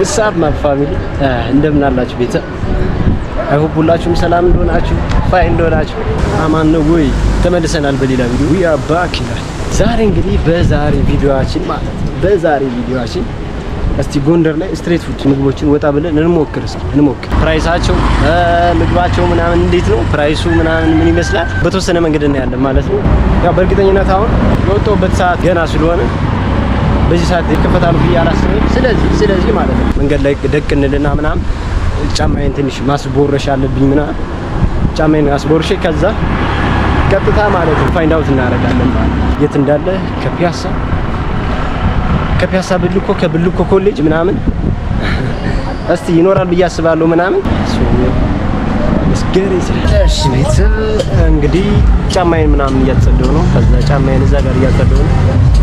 ምሳብ ፋሚሊ እንደምን አላችሁ? ቤተ አይሁቡላችሁም ሰላም እንደሆናችሁ ፋይ እንደሆናችሁ አማን ነው ወይ? ተመልሰናል በሌላ ቪዲዮ ዊ አር ባክ ይላል። ዛሬ እንግዲህ በዛሬ ቪዲዮአችን ማለት በዛሬ ቪዲዮአችን እስቲ ጎንደር ላይ ስትሬት ፉድ ምግቦችን ወጣ ብለን እንሞክር እስኪ እንሞክር። ፕራይሳቸው ምግባቸው ምናምን እንዴት ነው ፕራይሱ ምናምን ምን ይመስላል? በተወሰነ መንገድ እናያለን ማለት ነው። ያው በእርግጠኝነት አሁን የወጣሁበት ሰዓት ገና ስለሆነ በዚህ ሰዓት ይከፈታሉ ብዬ አላስብም። ስለዚህ ስለዚህ ማለት ነው መንገድ ላይ ደቅ እንልና ምናምን ጫማዬን ትንሽ ማስቦረሽ አለብኝ ምናምን ጫማዬን አስቦርሼ ከዛ ቀጥታ ማለት ነው ፋይንድ አውት እናደርጋለን ማለት የት እንዳለ ከፒያሳ ከፒያሳ ብልኮ ከብልኮ ኮሌጅ ምናምን እስቲ ይኖራል ብዬ አስባለሁ ምናምን እሺ ቤተሰብ እንግዲህ ጫማዬን ምናምን እያጸደው ነው። ከዛ ጫማዬን እዛ ጋር እያጸደው ነው።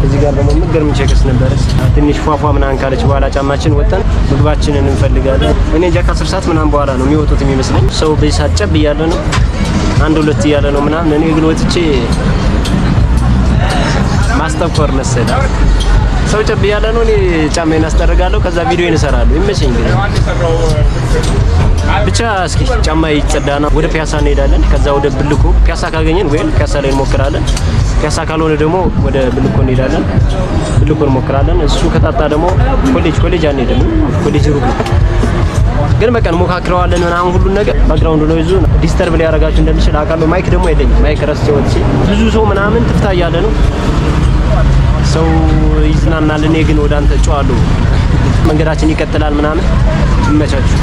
እዚህ ጋር ደግሞ ምገርም ቸክስ ነበረ። ትንሽ ፏፏ ምናምን ካለች በኋላ ጫማችን ወጠን ምግባችንን እንፈልጋለን። እኔ እንጃ ከአስር ሰዓት ምናምን በኋላ ነው የሚወጡት የሚመስለኝ። ሰው በዚህ ሰዓት ጨብ እያለ ነው፣ አንድ ሁለት እያለ ነው ምናምን። እኔ ግን ወጥቼ ማስጠቆር መሰለኝ ሰው ጨብ እያለ ነው። እኔ ጫማዬን አስጠርጋለሁ፣ ከዛ ቪዲዮን እንሰራለሁ። ይመቸኝ እንግዲህ ብቻ። እስኪ ጫማ ነው። ወደ ፒያሳ እንሄዳለን። ከዛ ወደ ብልኮ ፒያሳ ካገኘን ወይም ፒያሳ ላይ እንሞክራለን። ፒያሳ ካልሆነ ደግሞ ወደ ብልኮ እንሄዳለን። ብልኮ እንሞክራለን። እሱ ከጣጣ ደግሞ ኮሌጅ ኮሌጅ አንሄድም። ኮሌጅ ሩቅ ነው ግን በቃ እንሞካክረዋለን ምናምን ሁሉን ነገር ባክግራውንድ ነው ይዙ ዲስተርብ ሊያደርጋችሁ እንደሚችል አውቃለሁ። ማይክ ደግሞ አይደለም ማይክ ረስቼ ወጥቼ ብዙ ሰው ምናምን ትፍታ እያለ ነው ሰው ይዝናናል፣ እኔ ግን ወደ አንተ እጨዋለሁ። መንገዳችን ይቀጥላል ምናምን። ይመቻችሁ።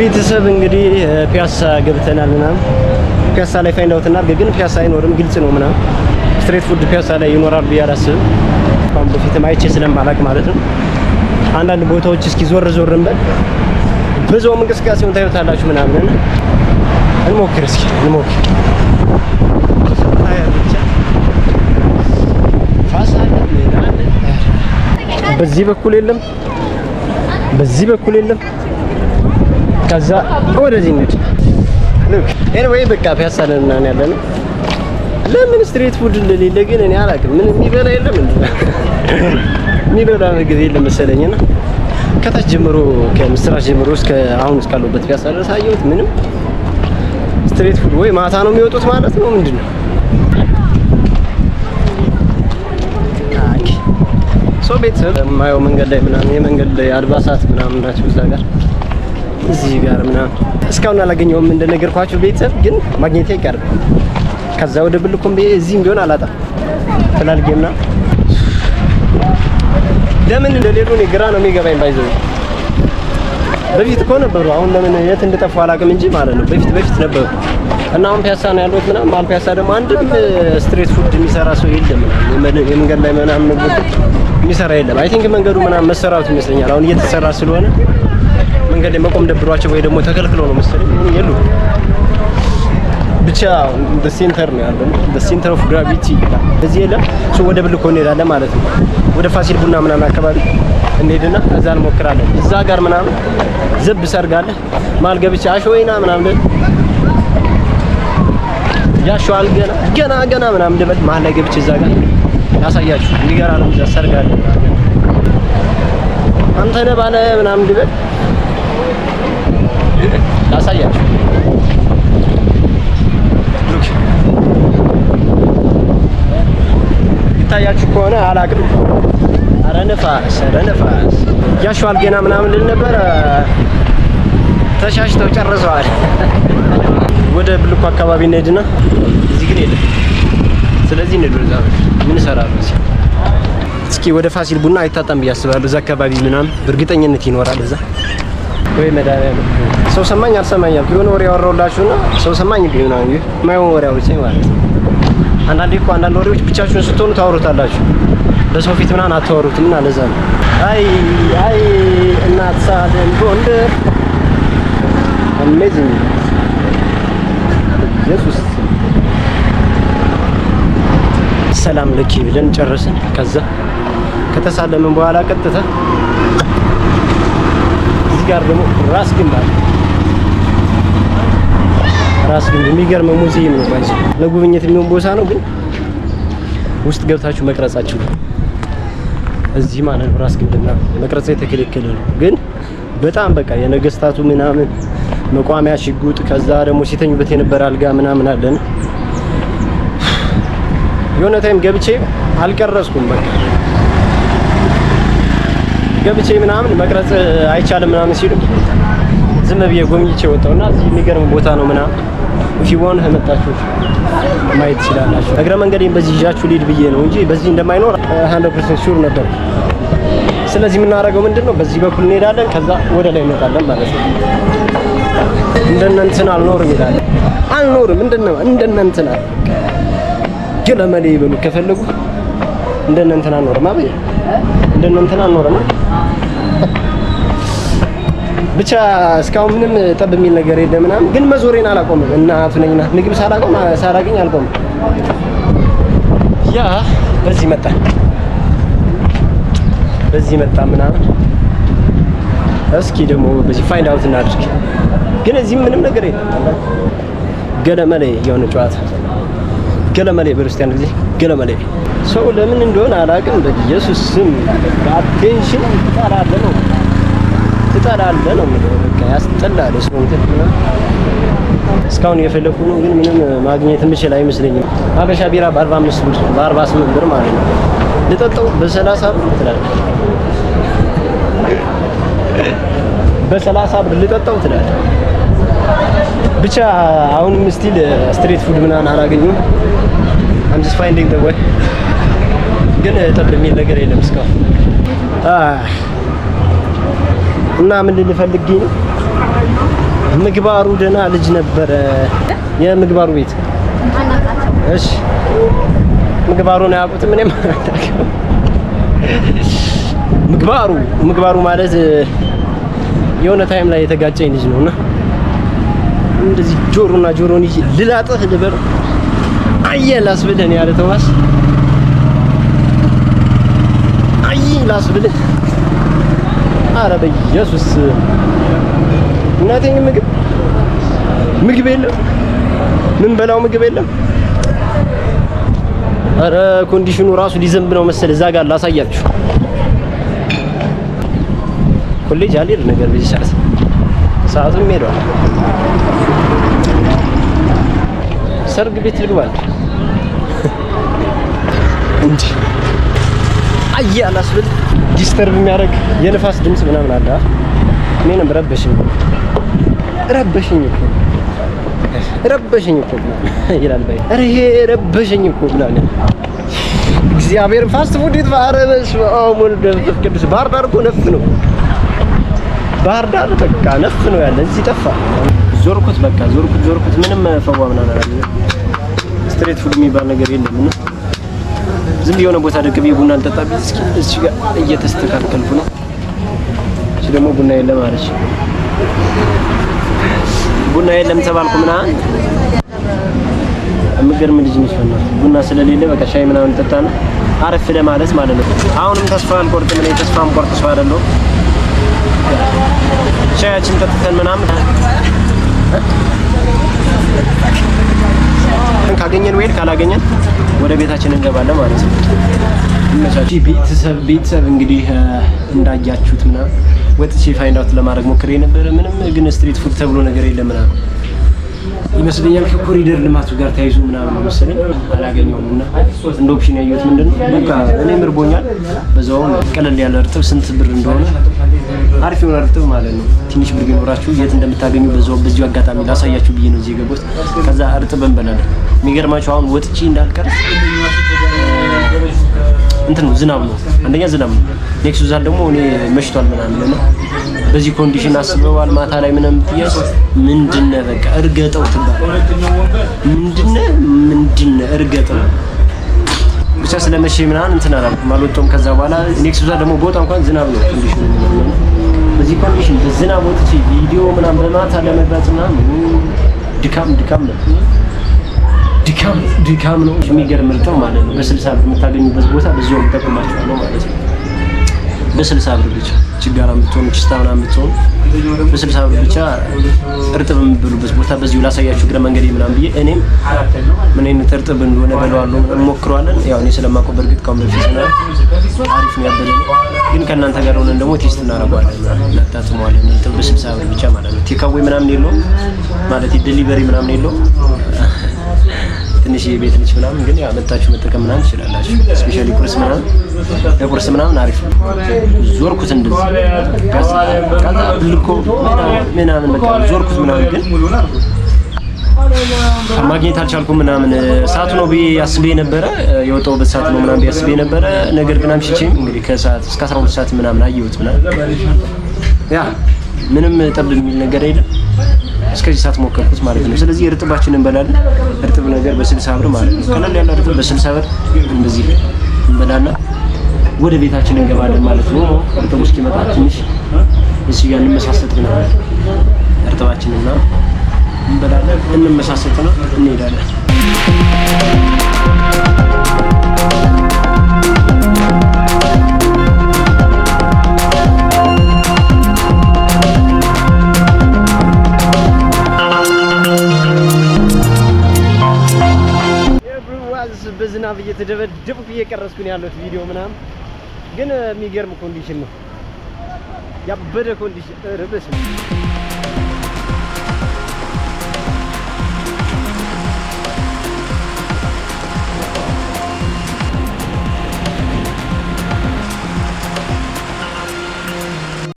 ቤተሰብ እንግዲህ ፒያሳ ገብተናል ምናምን ፒያሳ ላይ ፋይንድ አውት እናድርግ። ግን ፒያሳ አይኖርም፣ ግልጽ ነው ምናምን ስትሬት ፉድ ፒያሳ ላይ ይኖራል ብዬ አላስብም። አሁን በፊትም አይቼ ስለማላቅ ማለት ነው። አንዳንድ ቦታዎች እስኪ ዞር ዞር እንበል፣ በዛውም እንቅስቃሴውን ታዩታላችሁ ምናምን። እንሞክር እስኪ እንሞክር። በዚህ በኩል የለም፣ በዚህ በኩል የለም ከዛ ወደዚህ እንሂድ። ኤኒዌይ በቃ ፒያሳ ለምናምን ያለ ነው። ለምን ስትሪት ፉድ እንደሌለ ግን እኔ አላውቅም። ምን የሚበላ የለም እንዴ? የሚበላ ምግብ የለም መሰለኝና ከታች ጀምሮ ከምስራች ጀምሮ እስከ አሁን እስካለሁበት ፒያሳ ድረስ አየሁት። ምንም ስትሪት ፉድ ወይ ማታ ነው የሚወጡት ማለት ነው ምንድን ነው? ሶ ቤተሰብ የማየው መንገድ ላይ ምናምን የመንገድ ላይ አልባሳት ምናምን ናቸው እዛ ጋር እዚህ ጋር ምናምን እስካሁን አላገኘሁም። እንደነገርኳችሁ ቤተሰብ ግን ማግኘት አይቀርም። ከዛ ወደ ብልኩም እዚህም ቢሆን አላጣም ፈላልጌና ለምን እንደሌሉ እኔ ግራ ነው የሚገባኝ። ባይዘው በፊት እኮ ነበሩ። አሁን ለምን የት እንደጠፋው አላውቅም እንጂ ማለት ነው በፊት በፊት ነበሩ እና አሁን ፒያሳ ነው ያለሁት ምናምን። አሁን ፒያሳ ደግሞ አንድም ስትሬት ፉድ የሚሰራ ሰው የለም ምናምን፣ የመንገድ ላይ ምናምን የሚሰራ የለም። አይ ቲንክ መንገዱ ምናምን መሰራቱ ይመስለኛል አሁን እየተሰራ ስለሆነ መንገድ ላይ መቆም ደብሯቸው ወይ ደግሞ ተከልክለው ነው መሰለኝ የሉ ብቻ ሴንተር ነው ያለው ሴንተር ኦፍ ግራቪቲ እዚህ የለም ሶ ወደ ብልኮ እንሄዳለን ማለት ነው ወደ ፋሲል ቡና ምናምን አካባቢ እንሄድና እዛ እንሞክራለን እዛ ጋር ምናምን ዝብ ሰርጋለ ማል ገብቼ አሾይና ምናምን ያሸዋል ገና ገና ገና ምናምን ደበል መሀል ላይ ገብቼ እዛ ጋር ያሳያችሁ እንዲገራ ነው እዛ ሰርጋለህ አንተ ነህ ባለ ምናምን ደበል ላሳያችሁ። ይታያችሁ ከሆነ አላቅም። ኧረ ንፋስ፣ ኧረ ነፋስ ያሸዋል። ገና ምናምን ልል ነበረ፣ ተሻሽተው ጨርሰዋል። ወደ ብልኮ አካባቢ እንሄድና እዚህ ግን የለም። ስለዚህ እንሂድ ወደዛ። ምን እሰራለሁ? እስኪ ወደ ፋሲል ቡና አይታጣም ብዬ አስባለሁ። እዛ አካባቢ ምናምን በእርግጠኝነት ይኖራል እዛ ወይ መድኃኒዓለም ሰው ሰማኝ አልሰማኛም ቢሆን ወሬ ያወራሁላችሁና ሰው ሰማኝ ቢሆን ነው ይህ ማይሆን ወሬ አውርቼ ማለት ነው። አንዳንዴ እኮ አንዳንድ ወሬዎች ብቻችሁን ስትሆኑ ታወሩታላችሁ። በሰው ፊት ምናምን አታወሩትም እና ለዛ ነው። አይ አይ እናት ሳደን ጎንደር አሜዚንግ ኢየሱስ ሰላም ለኪ ብለን ጨረስን። ከዛ ከተሳለምን በኋላ ቀጥታ ጋር ደግሞ ራስ ግንብ አለ። ራስ ግንብ የሚገርም ሙዚየም ነው ባይ ለጉብኝት የሚሆን ቦታ ነው፣ ግን ውስጥ ገብታችሁ መቅረጻችሁ እዚህ ማለት ነው። ራስ ግንብና መቅረጽ የተከለከለ ነው፣ ግን በጣም በቃ የነገስታቱ ምናምን መቋሚያ ሽጉጥ፣ ከዛ ደግሞ ሲተኙበት የነበረ አልጋ ምናምን አለን። የሆነ ታይም ገብቼ አልቀረጽኩም በቃ ገብቼ ምናምን መቅረጽ አይቻልም ምናምን ሲሉ ዝም ብዬ ጎብኝቼ ወጣሁ እና እዚህ የሚገርም ቦታ ነው ምናምን ፊዋን መጣችሁ ማየት ትችላላችሁ። እግረ መንገዴን በዚህ ይዣችሁ ሊድ ብዬ ነው እንጂ በዚህ እንደማይኖር 100% ሹር ነበር። ስለዚህ የምናደርገው ምንድን ነው? በዚህ በኩል እንሄዳለን፣ ከዛ ወደ ላይ እንወጣለን ማለት ነው። እንደነ እንትን አልኖርም ይላል አልኖርም እንደነ እንደነ እንትን ገለመሌ ይበሉ ከፈለጉ እንደነ እንትን አልኖርም አበይ እንደነ እንትን አልኖረም። ብቻ እስካሁን ምንም ጠብ የሚል ነገር የለም ምናምን፣ ግን መዞሬን አላቆምም። እናቱ ነኝና ምግብ ሳላቆም ሳላገኝ አልቆምም። ያ በዚህ መጣ በዚህ መጣ ምናምን። እስኪ ደግሞ በዚህ ፋይንድ አውት እናድርግ። ግን እዚህ ምንም ነገር የለም። ገለመሌ የሆነ ጨዋታ ገለመሌ በርስቲያን ጊዜ ገለመሌ ሰው ለምን እንደሆነ አላውቅም። በኢየሱስ ስም በአቴንሽን ትጠላለህ ነው ትጠላለህ ነው በቃ ያስጠላል። ሰው እስካሁን የፈለኩ ነው ግን ምንም ማግኘት የምችል አይመስለኝም። ሀበሻ ቢራ በ45 ብር በ48 ብር ማለት ነው። ልጠጣው በ30 ብር ትላለህ፣ በ30 ብር ልጠጣው ትላለህ። ብቻ አሁንም ስቲል ስትሪት ፉድ ምናምን አላገኙም። I'm just finding the way ግን ጥር የሚል ነገር የለም እስካሁን። እና ምን ልፈልግ ነው ምግባሩ ደህና ልጅ ነበረ። የምግባሩ ቤት እሺ፣ ምግባሩን አያውቁትም። እኔም ምግባሩ ምግባሩ ማለት የሆነ ታይም ላይ የተጋጨኝ ልጅ ነውና እንደዚህ ጆሮና ጆሮን ይዤ ልላጥህ ልበር አየ ላስብልህ ያለ ተዋስ ላስ ብልህ ኧረ በኢየሱስ እናቴኝ ምግብ ምግብ የለም ምን በላው ምግብ የለም። አረ ኮንዲሽኑ ራሱ ሊዘንብ ነው መሰለ እዛ ጋር ላሳያችሁ። ኮሌጅ አልሄድ ነገር በዚህ ሰዓት ሰዓቱም ሄዷል። ሰርግ ቤት ልግባል እንዴ አያ ላስብል ዲስተርብ የሚያደርግ የንፋስ ድምፅ ምናምን አለ። እኔንም ረበሽኝ ረበሽኝ እኮ ረበሽኝ እኮ ይላል። ባይ አረ ይሄ ረበሽኝ እኮ ብላለች። እግዚአብሔር ፋስት ፉድ ይጥፋ። አረ በስመ አብ ወወልድ ቅዱስ። ባህር ዳር እኮ ነፍ ነው። ባህር ዳር በቃ ነፍ ነው ያለ። እዚህ ጠፋ። ዞርኩት፣ በቃ ዞርኩት፣ ዞርኩት። ምንም ፈዋ ምናምን አላለ። ስትሬት ፉድ የሚባል ነገር የለም እና ዝም የሆነ ቦታ ደግ ብዬ ቡና አልጠጣ እስኪ እዚህ ጋር እየተስተካከልኩ ነው። እሺ ደግሞ ቡና የለም አለች። ቡና የለም ተባልኩ ምናምን የምገርም ልጅ ነች። በእናትህ ቡና ስለሌለ በቃ ሻይ ምናምን ጠጣ ነው አረፍ ለማለት ማለት ነው። አሁንም ተስፋ አልቆርጥም እኔ ተስፋ የምቆርጥ ሰው አይደለሁም። ሻያችን ጠጥተን ምናምን ካገኘን ወይል ካላገኘን ወደ ቤታችን እንገባለን ማለት ነው። ቤተሰብ ቤተሰብ እንግዲህ እንዳያችሁት ምናምን ወጥቼ ፋይንድ አውት ለማድረግ ሞክሬ ነበረ። ምንም ግን ስትሪት ፉድ ተብሎ ነገር የለም ምናምን ይመስለኛል ከኮሪደር ልማቱ ጋር ተያይዞ ምናምን ነው መሰለኝ አላገኘውም። እና እንደ ኦፕሽን ያየሁት ምንድን ነው በቃ እኔ ምርቦኛል፣ በዛውም ቀለል ያለ እርጥብ ስንት ብር እንደሆነ አሪፍ የሆነ እርጥብ ማለት ነው። ትንሽ ብር ቢኖራችሁ የት እንደምታገኙ በዛው በዚሁ አጋጣሚ ላሳያችሁ ብዬ ነው እዚህ የገባሁት። ከዛ እርጥብ እንበላለን። የሚገርማቸው አሁን ወጥቼ እንዳልቀር እንትን ነው ዝናብ ነው፣ አንደኛ ዝናብ ነው። ኔክስት ዛት ደግሞ እኔ መሽቷል ምናምን ነው በዚህ ኮንዲሽን አስበዋል። ማታ ላይ ምንም ትያዝ ምንድነ በቃ እርገጠው ትባል ምንድነ ምንድነ እርገጠው ብቻ ስለመቼ ምናምን እንትን አላልኩም አልወጣሁም። ከዛ በኋላ ኔክስት ዛት ደግሞ ቦታ እንኳን ዝናብ ነው ኮንዲሽኑ በዚህ ኮንዲሽን በዝናብ ወጥቼ ቪዲዮ ምናምን በማታ ለመግባት ምናምን ድካም ድካም ነው። ድካም ነው። የሚገርም ምርጫው ማለት ነው። በስልሳ ብር የምታገኙበት ቦታ በዚሁ የምጠቀማቸው ነው ማለት ነው። በስልሳ ብር ብቻ ችጋራ የምትሆኑ ችስታና የምትሆኑ በስልሳ ብር ብቻ እርጥብ የምትበሉበት ቦታ በዚሁ ላሳያችሁ። እግረ መንገድ ምናምን ብዬ እኔም ምን አይነት እርጥብ እንደሆነ በለዋሉ እንሞክረዋለን። ያው እኔ ስለማውቀው በእርግጥ ካሁን በፊት ስና አሪፍ ነው ያበለ ግን ከእናንተ ጋር ሆነን ደግሞ ቴስት እናደርገዋለን፣ እናጣጥመዋለን። በስልሳ ብር ብቻ ማለት ነው። ቴካዌ ምናምን የለውም ማለት ዴሊቨሪ ምናምን የለውም ትንሽ የቤት ልጅ ምናምን ግን መታችሁ መጠቀም ምናምን ትችላላችሁ። ስፔሻሊ ቁርስ ምናምን ለቁርስ ምናምን አሪፍ ነው። ዞርኩት እንደዚህ ከዛ ብልኮ ምናምን በቃ ዞርኩት ምናምን ግን ማግኘት አልቻልኩ ምናምን ሰዓቱ ነው ብዬ አስቤ ነበረ። የወጣሁበት ሰዓት ነው ምናምን ብዬ አስቤ ነበረ። ነገር ግን አምሽቼም እንግዲህ ከሰዓት እስከ 12 ሰዓት ምናምን አየሁት ምናምን ያ ምንም ጠብ የሚል ነገር የለም። እስከዚህ ሰዓት ሞከርኩት ማለት ነው። ስለዚህ እርጥባችን እንበላለን። እርጥብ ነገር በስልሳ ብር ማለት ነው። ቀለል ያለ እርጥብ በስልሳ ብር እንደዚህ እንበላና ወደ ቤታችን እንገባለን ማለት ነው። እርጥቡ እስኪመጣ ትንሽ እሱ ያንመሳሰጥ ምናምን እርጥባችንና እንበላለን። እንመሳሰጥ ነው እንሄዳለን። በዝናብ እየተደበደብኩ እየቀረስኩ ነው ያለሁት ቪዲዮ ምናምን፣ ግን የሚገርም ኮንዲሽን ነው ያበደ ኮንዲሽን ርብስ